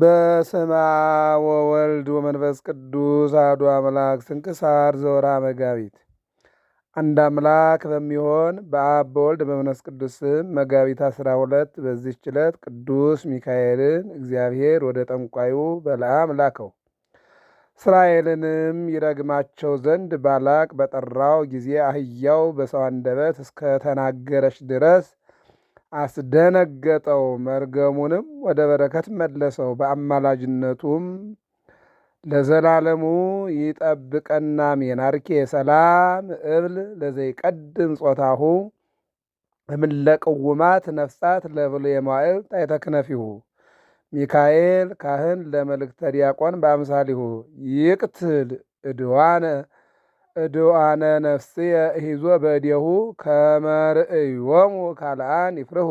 በስመ አብ ወወልድ ወመንፈስ ቅዱስ አሐዱ አምላክ። ስንክሳር ዘወርኃ መጋቢት። አንድ አምላክ በሚሆን በአብ በወልድ በመንፈስ ቅዱስ ስም መጋቢት አስራ ሁለት በዚህ ዕለት ቅዱስ ሚካኤልን እግዚአብሔር ወደ ጠንቋዩ በለዓም ላከው። እስራኤልንም ይረግማቸው ዘንድ ባላቅ በጠራው ጊዜ አህያው በሰው አንደበት እስከ ተናገረች ድረስ አስደነገጠው፣ መርገሙንም ወደ በረከት መለሰው። በአማላጅነቱም ለዘላለሙ ይጠብቀና ሜናርኬ ሰላም እብል ለዘይቀድም ጾታሁ እምለቅውማት ነፍሳት ለብሎ የማዕል ታይተክነፊሁ ሚካኤል ካህን ለመልእክተ ዲያቆን በአምሳሊሁ ይቅትል እድዋነ እድዋነ ነፍስየ ሂዞ በዴሁ ከመርእዮሙ ካልአን ይፍርሁ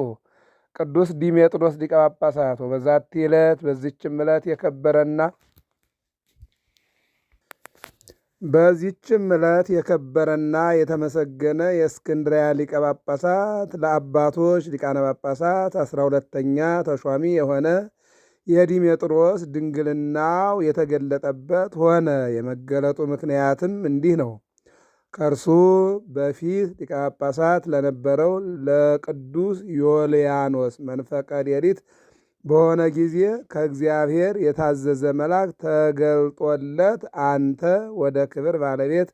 ቅዱስ ዲሜጥሮስ ሊቀ ጳጳሳት። በዛቲ ዕለት በዚችም ዕለት የከበረና በዚችም ዕለት የከበረና የተመሰገነ የእስክንድርያ ሊቀ ጳጳሳት ለአባቶች ሊቃነ ጳጳሳት አስራ ሁለተኛ ተሿሚ የሆነ የዲሜጥሮስ ድንግልናው የተገለጠበት ሆነ። የመገለጡ ምክንያትም እንዲህ ነው። ከእርሱ በፊት ሊቀ ጳጳሳት ለነበረው ለቅዱስ ዮልያኖስ መንፈቀ ሌሊት በሆነ ጊዜ ከእግዚአብሔር የታዘዘ መልአክ ተገልጦለት አንተ ወደ ክብር ባለቤት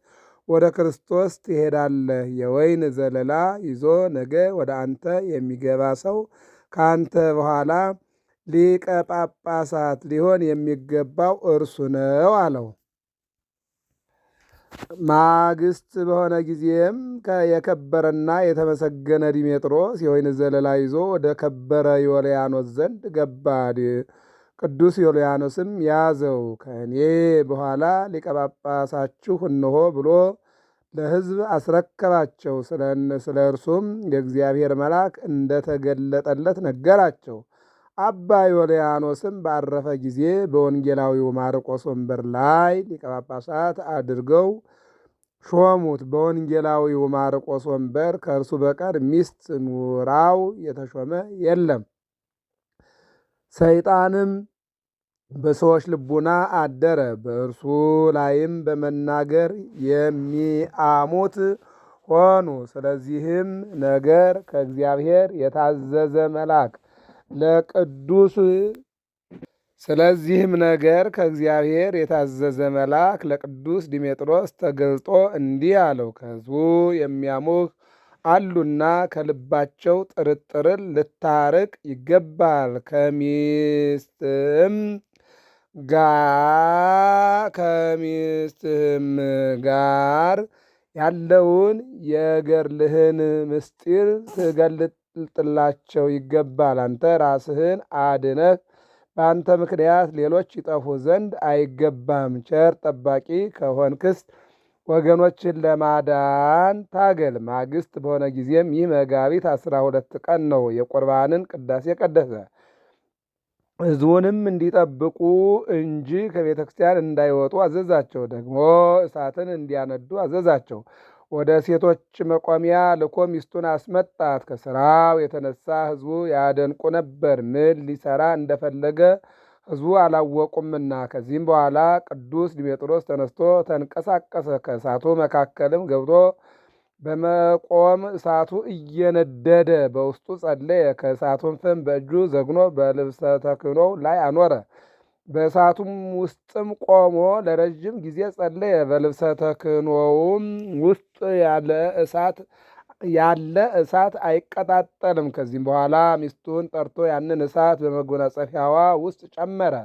ወደ ክርስቶስ ትሄዳለህ። የወይን ዘለላ ይዞ ነገ ወደ አንተ የሚገባ ሰው ከአንተ በኋላ ሊቀ ጳጳሳት ሊሆን የሚገባው እርሱ ነው አለው። ማግስት በሆነ ጊዜም የከበረና የተመሰገነ ዲሜጥሮስ የወይን ዘለላ ይዞ ወደ ከበረ ዮልያኖስ ዘንድ ገባድ። ቅዱስ ዮልያኖስም ያዘው። ከእኔ በኋላ ሊቀ ጳጳሳችሁ እንሆ ብሎ ለሕዝብ አስረከባቸው። ስለ እርሱም የእግዚአብሔር መልአክ እንደተገለጠለት ነገራቸው። አባ ዮልያኖስም ባረፈ ጊዜ በወንጌላዊው ማርቆስ ወንበር ላይ ሊቀ ጳጳሳት አድርገው ሾሙት። በወንጌላዊው ማርቆስ ወንበር ከእርሱ በቀር ሚስት ኑራው የተሾመ የለም። ሰይጣንም በሰዎች ልቡና አደረ። በእርሱ ላይም በመናገር የሚአሙት ሆኑ። ስለዚህም ነገር ከእግዚአብሔር የታዘዘ መልአክ ለቅዱስ ስለዚህም ነገር ከእግዚአብሔር የታዘዘ መልአክ ለቅዱስ ዲሜጥሮስ ተገልጦ እንዲህ አለው፣ ከሕዝቡ የሚያሙህ አሉና ከልባቸው ጥርጥርን ልታርቅ ይገባል። ከሚስትም ጋር ከሚስትህም ጋር ያለውን የገርልህን ምስጢር ትገልጥ ልጥላቸው ይገባል። አንተ ራስህን አድነህ በአንተ ምክንያት ሌሎች ይጠፉ ዘንድ አይገባም። ቸር ጠባቂ ከሆንክስ ወገኖችን ለማዳን ታገል። ማግስት በሆነ ጊዜም ይህ መጋቢት አስራ ሁለት ቀን ነው። የቁርባንን ቅዳሴ ቀደሰ። ሕዝቡንም እንዲጠብቁ እንጂ ከቤተ ክርስቲያን እንዳይወጡ አዘዛቸው። ደግሞ እሳትን እንዲያነዱ አዘዛቸው። ወደ ሴቶች መቆሚያ ልኮ ሚስቱን አስመጣት። ከስራው የተነሳ ሕዝቡ ያደንቁ ነበር፣ ምን ሊሰራ እንደፈለገ ሕዝቡ አላወቁምና። ከዚህም በኋላ ቅዱስ ዲሜጥሮስ ተነስቶ ተንቀሳቀሰ። ከእሳቱ መካከልም ገብቶ በመቆም እሳቱ እየነደደ በውስጡ ጸለየ። ከእሳቱን ፍም በእጁ ዘግኖ በልብሰ ተክህኖው ላይ አኖረ። በእሳቱም ውስጥም ቆሞ ለረዥም ጊዜ ጸለየ። በልብሰ ተክኖውም ውስጥ ያለ እሳት ያለ እሳት አይቀጣጠልም። ከዚህም በኋላ ሚስቱን ጠርቶ ያንን እሳት በመጎናጸፊያዋ ውስጥ ጨመረ።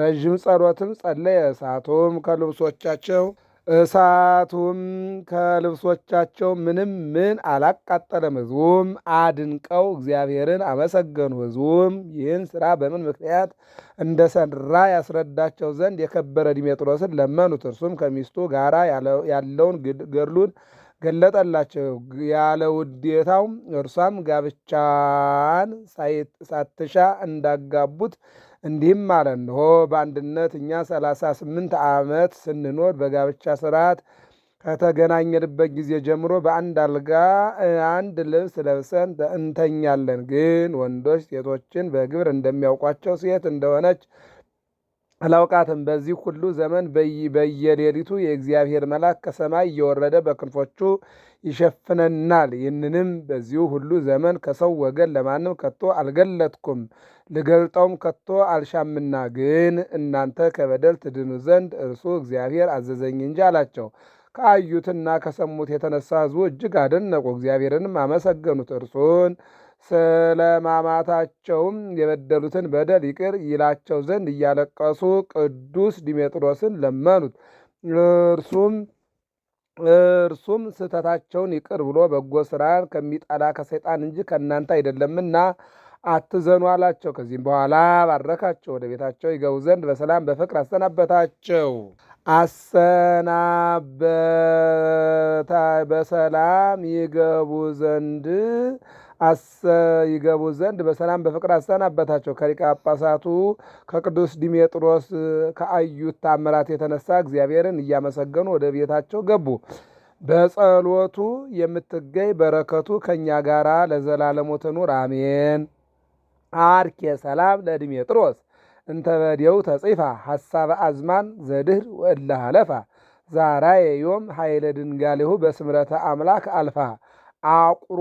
ረዥም ጸሎትም ጸለየ። እሳቱም ከልብሶቻቸው እሳቱም ከልብሶቻቸው ምንም ምን አላቃጠለም። ሕዝቡም አድንቀው እግዚአብሔርን አመሰገኑ። ሕዝቡም ይህን ስራ በምን ምክንያት እንደሰራ ያስረዳቸው ዘንድ የከበረ ዲሜጥሮስን ለመኑት። እርሱም ከሚስቱ ጋር ያለውን ገድሉን ገለጠላቸው ያለ ውዴታው እርሷም ጋብቻን ሳትሻ እንዳጋቡት እንዲህም አለ፣ እንሆ በአንድነት እኛ ሰላሳ ስምንት ዓመት ስንኖር በጋብቻ ስርዓት ከተገናኘንበት ጊዜ ጀምሮ በአንድ አልጋ አንድ ልብስ ለብሰን እንተኛለን። ግን ወንዶች ሴቶችን በግብር እንደሚያውቋቸው ሴት እንደሆነች አላውቃትም። በዚህ ሁሉ ዘመን በየሌሊቱ የእግዚአብሔር መልአክ ከሰማይ እየወረደ በክንፎቹ ይሸፍነናል። ይህንንም በዚሁ ሁሉ ዘመን ከሰው ወገን ለማንም ከቶ አልገለጥኩም፣ ልገልጠውም ከቶ አልሻምና፣ ግን እናንተ ከበደል ትድኑ ዘንድ እርሱ እግዚአብሔር አዘዘኝ እንጂ አላቸው። ከአዩትና ከሰሙት የተነሳ ሕዝቡ እጅግ አደነቁ፣ እግዚአብሔርንም አመሰገኑት። እርሱን ስለማማታቸውም የበደሉትን በደል ይቅር ይላቸው ዘንድ እያለቀሱ ቅዱስ ዲሜጥሮስን ለመኑት። እርሱም እርሱም ስህተታቸውን ይቅር ብሎ በጎ ስራን ከሚጠላ ከሰይጣን እንጂ ከእናንተ አይደለምና አትዘኑ አላቸው። ከዚህም በኋላ ባረካቸው፣ ወደ ቤታቸው ይገቡ ዘንድ በሰላም በፍቅር አሰናበታቸው። አሰናበታ በሰላም ይገቡ ዘንድ ይገቡ ዘንድ በሰላም በፍቅር አሰናበታቸው። ከሊቀ ጳጳሳቱ ከቅዱስ ዲሜጥሮስ ከአዩት ታምራት የተነሳ እግዚአብሔርን እያመሰገኑ ወደ ቤታቸው ገቡ። በጸሎቱ የምትገኝ በረከቱ ከእኛ ጋራ ለዘላለሙ ትኑር አሜን። አርኬ ሰላም ለዲሜጥሮስ እንተበዴው ተጽፋ ሐሳበ አዝማን ዘድህር ወእለ አለፋ ዛራ የዮም ኃይለ ድንጋሌሁ በስምረተ አምላክ አልፋ አቁሮ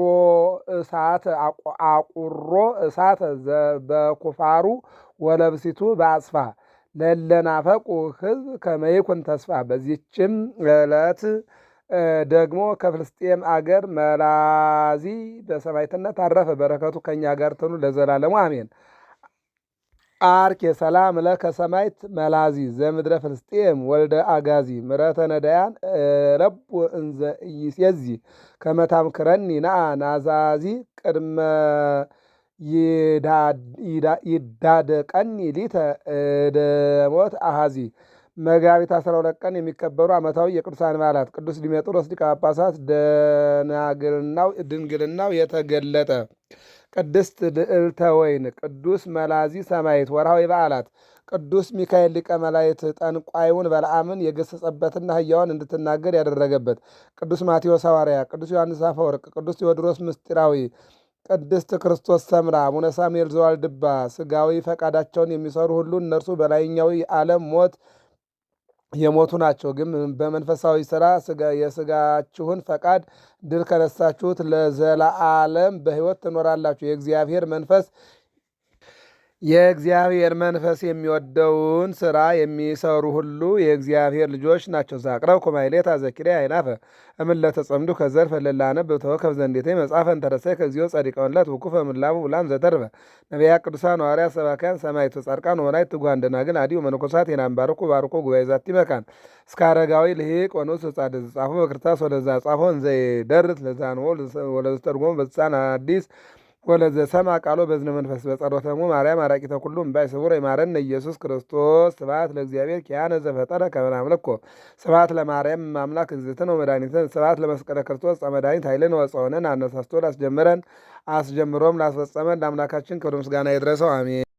እሳት አቁሮ እሳት በኩፋሩ ወለብሲቱ በአስፋ ለለናፈቁ ህዝብ ከመይኩን ተስፋ። በዚችም ዕለት ደግሞ ከፍልስጤም አገር መላዚ በሰማይትነት አረፈ። በረከቱ ከእኛ ጋር ትኑ ለዘላለሙ አሜን። አርኬ ሰላም ለከ ሰማይት መላዚ ዘምድረ ፍልስጤም ወልደ አጋዚ ምረተ ነዳያን ረቡ እንዘ ከመታም ክረኒ ነአ ናዛዚ ቅድመ ይዳደቀኒ ሊተ ደሞት አሃዚ መጋቢት አስራ ሁለት ቀን የሚከበሩ ዓመታዊ የቅዱሳን በዓላት ቅዱስ ዲሜጥሮስ ሊቀ ጳጳሳት፣ ደናግልናው ድንግልናው የተገለጠ ቅድስት ልዕልተ ወይን፣ ቅዱስ መላዚ ሰማይት ወርሃዊ በዓላት ቅዱስ ሚካኤል ሊቀ መላእክት ጠንቋዩን በለዓምን የገሰጸበትና አህያውን እንድትናገር ያደረገበት፣ ቅዱስ ማቴዎስ ሐዋርያ፣ ቅዱስ ዮሐንስ አፈወርቅ፣ ቅዱስ ቴዎድሮስ ምስጢራዊ ቅድስት ክርስቶስ ሰምራ፣ አቡነ ሳሙኤል ዘዋልድባ። ስጋዊ ፈቃዳቸውን የሚሰሩ ሁሉ እነርሱ በላይኛዊ ዓለም ሞት የሞቱ ናቸው። ግን በመንፈሳዊ ስራ የስጋችሁን ፈቃድ ድል ከነሳችሁት ለዘላለም በህይወት ትኖራላችሁ። የእግዚአብሔር መንፈስ የእግዚአብሔር መንፈስ የሚወደውን ስራ የሚሰሩ ሁሉ የእግዚአብሔር ልጆች ናቸው። ዛቅረብ ኮማይሌታ ታዘኪሬ አይናፈ እምለ ተጸምዱ ከዘርፈ ልላነ ብተወከፍ ዘንዴቴ መጽሐፈን ተረሰይ ከዚዮ ጸዲቀውንለት ውኩፈ ምላቡ ውላን ዘተርፈ ነቢያ ቅዱሳን ዋርያ ሰባካያን ሰማይቱ ጻድቃን ወናይ ትጓን ደናግል አዲው መነኮሳት የናን ባርኩ ባርኮ ጉባኤ ዛቲ መካን እስከ አረጋዊ ልሂቅ ወንኡስ ጻድ ዝጻፎ በክርታስ ወለዛ ጻፎ ጻፎን ዘይደርስ ለዛንዎ ወለዝተርጎም በዝፃን አዲስ ወለዘ ሰማ ቃሎ በዝነ መንፈስ በጸሎተሙ ማርያም አራቂተ ኩሉ እምባይ ስቡር የማረነ ኢየሱስ ክርስቶስ ስብሐት ለእግዚአብሔር ኪያነ ዘፈጠረ ከመ ናምልኮ ስብሐት ለማርያም አምላክ እግዝእትነ ወመድኃኒትነ ስብሐት ለመስቀለ ክርስቶስ ጸ መድኃኒት ኃይልን ወፀሆነን አነሳስቶ ላስጀመረን አስጀምሮም ላስፈጸመን ለአምላካችን ክብር ምስጋና ይድረሰው አሜን።